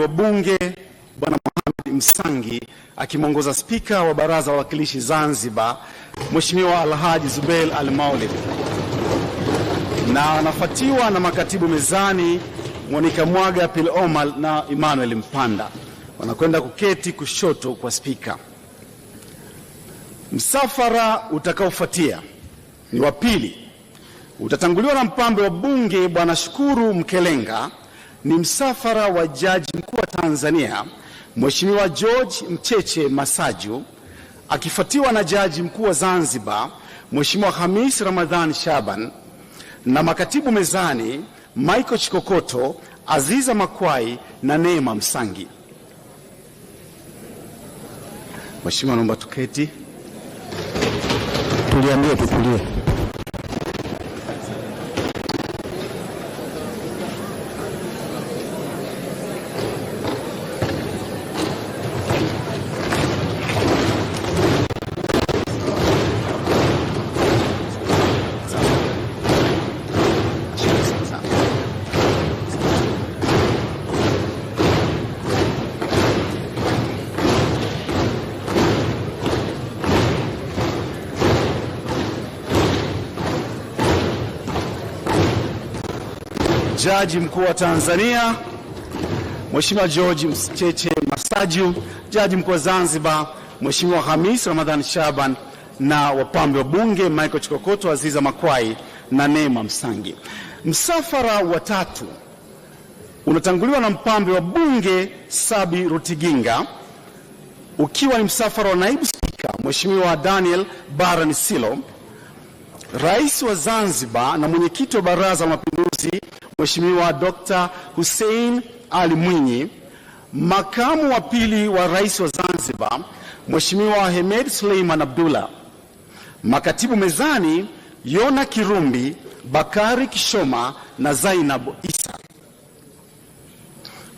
wa Bunge Bwana Mohamed Msangi akimwongoza Spika wa Baraza la Wawakilishi Zanzibar Mheshimiwa Alhaji Zubeir al Maulid, na anafuatiwa na makatibu mezani Monica Mwaga Pil Omal na Emmanuel Mpanda. Wanakwenda kuketi kushoto kwa Spika. Msafara utakaofuatia ni wa pili, utatanguliwa na mpambe wa Bunge Bwana Shukuru Mkelenga ni msafara wa jaji mkuu wa Tanzania Mheshimiwa George Mcheche Masaju akifuatiwa na jaji mkuu wa Zanzibar Mheshimiwa Hamis Ramadhan Shaban na makatibu mezani Michael Chikokoto, Aziza Makwai na Neema Msangi. Mheshimiwa, naomba tuketi, tuliambie tukulie. Jaji Mkuu wa Tanzania Mheshimiwa George Mcheche Masaju, Jaji Mkuu wa Zanzibar Mheshimiwa Hamis Ramadhan Shaban na wapambe wa Bunge Michael Chikokoto, Aziza Makwai na Neema Msangi. Msafara wa tatu unatanguliwa na mpambe wa Bunge Sabi Rutiginga ukiwa ni msafara wa naibu spika Mheshimiwa Daniel Barani Silo, rais wa Zanzibar na mwenyekiti wa Baraza la Mapinduzi Mheshimiwa Dr. Hussein Ali Mwinyi, makamu wa pili wa rais wa Zanzibar, Mheshimiwa Hemed Suleiman Abdullah, makatibu mezani Yona Kirumbi, Bakari Kishoma na Zainab Isa.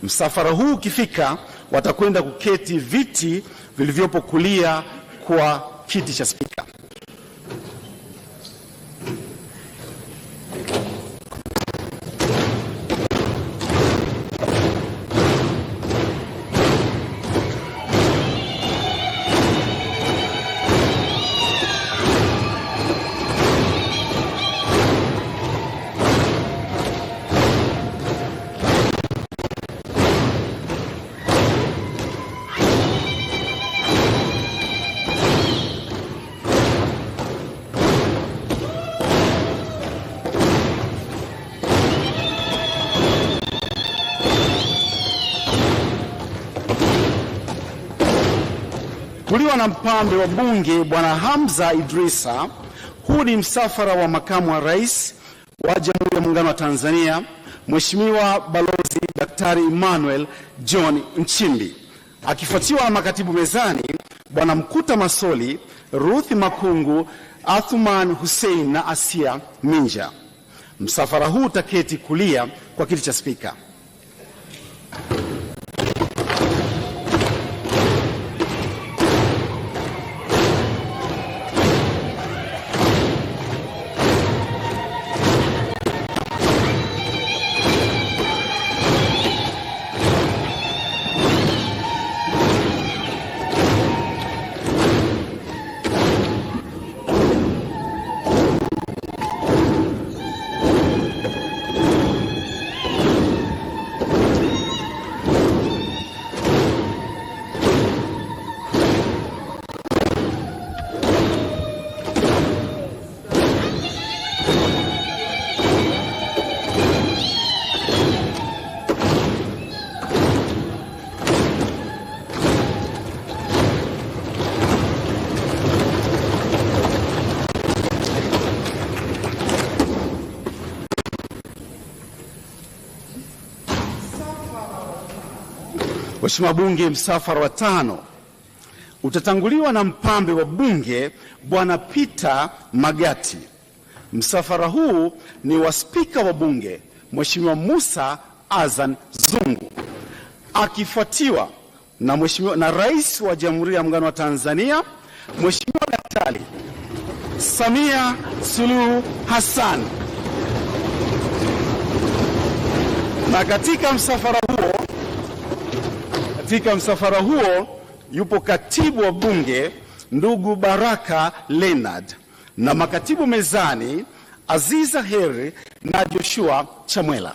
Msafara huu ukifika, watakwenda kuketi viti vilivyopo kulia kwa kiti cha spika. Ilifunguliwa na mpambe wa bunge Bwana Hamza Idrisa. Huu ni msafara wa makamu wa rais wa Jamhuri ya Muungano wa Tanzania, Mheshimiwa Balozi Daktari Emmanuel John Nchimbi, akifuatiwa na makatibu mezani Bwana Mkuta Masoli, Ruth Makungu, Athman Hussein na Asia Minja. Msafara huu utaketi kulia kwa kiti cha spika. Mheshimiwa Bunge, msafara wa tano utatanguliwa na mpambe wa Bunge Bwana Peter Magati. Msafara huu ni wa Spika wa Bunge Mheshimiwa Musa Azan Zungu, akifuatiwa na Mheshimiwa na Rais wa Jamhuri ya Muungano wa Tanzania Mheshimiwa Daktari Samia Suluhu Hassan. Na katika msafara huo katika msafara huo yupo katibu wa bunge ndugu Baraka Leonard na makatibu mezani Aziza Heri na Joshua Chamwela.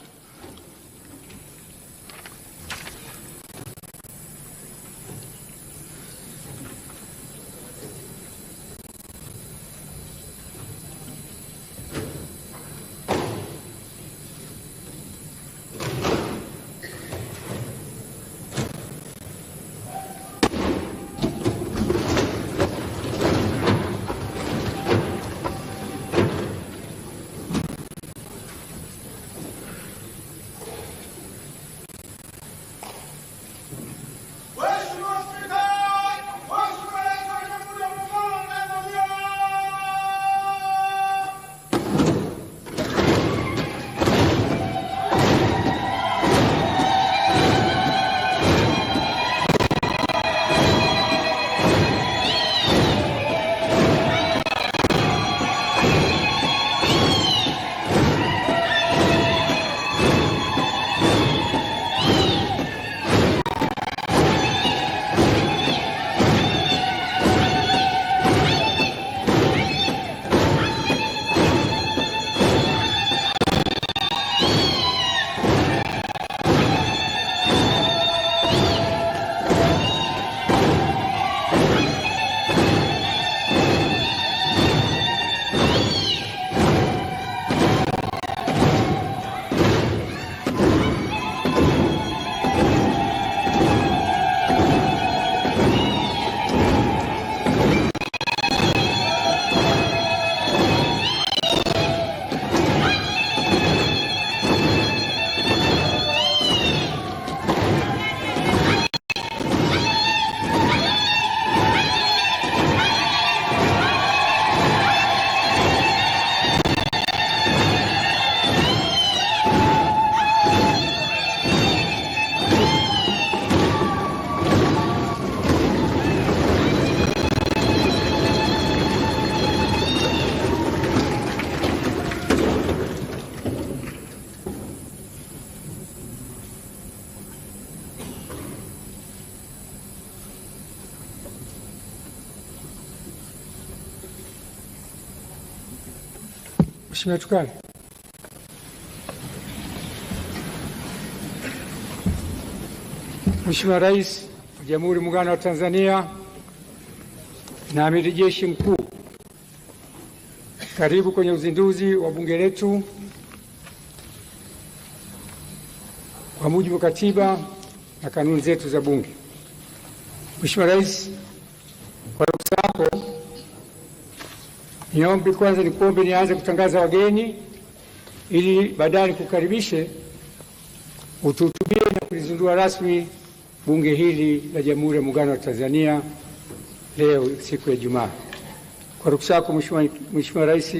Mheshimiwa Chukari. Mheshimiwa Rais wa Jamhuri ya Muungano wa Tanzania na Amiri Jeshi Mkuu, karibu kwenye uzinduzi wa bunge letu. Kwa mujibu wa katiba na kanuni zetu za bunge, Mheshimiwa Rais niombi kwanza nikuombe nianze kutangaza wageni ili baadaye nikukaribishe utuhutubie na kulizindua rasmi bunge hili la Jamhuri ya Muungano wa Tanzania leo siku ya Ijumaa. Kwa ruksa yako Mheshimiwa Rais,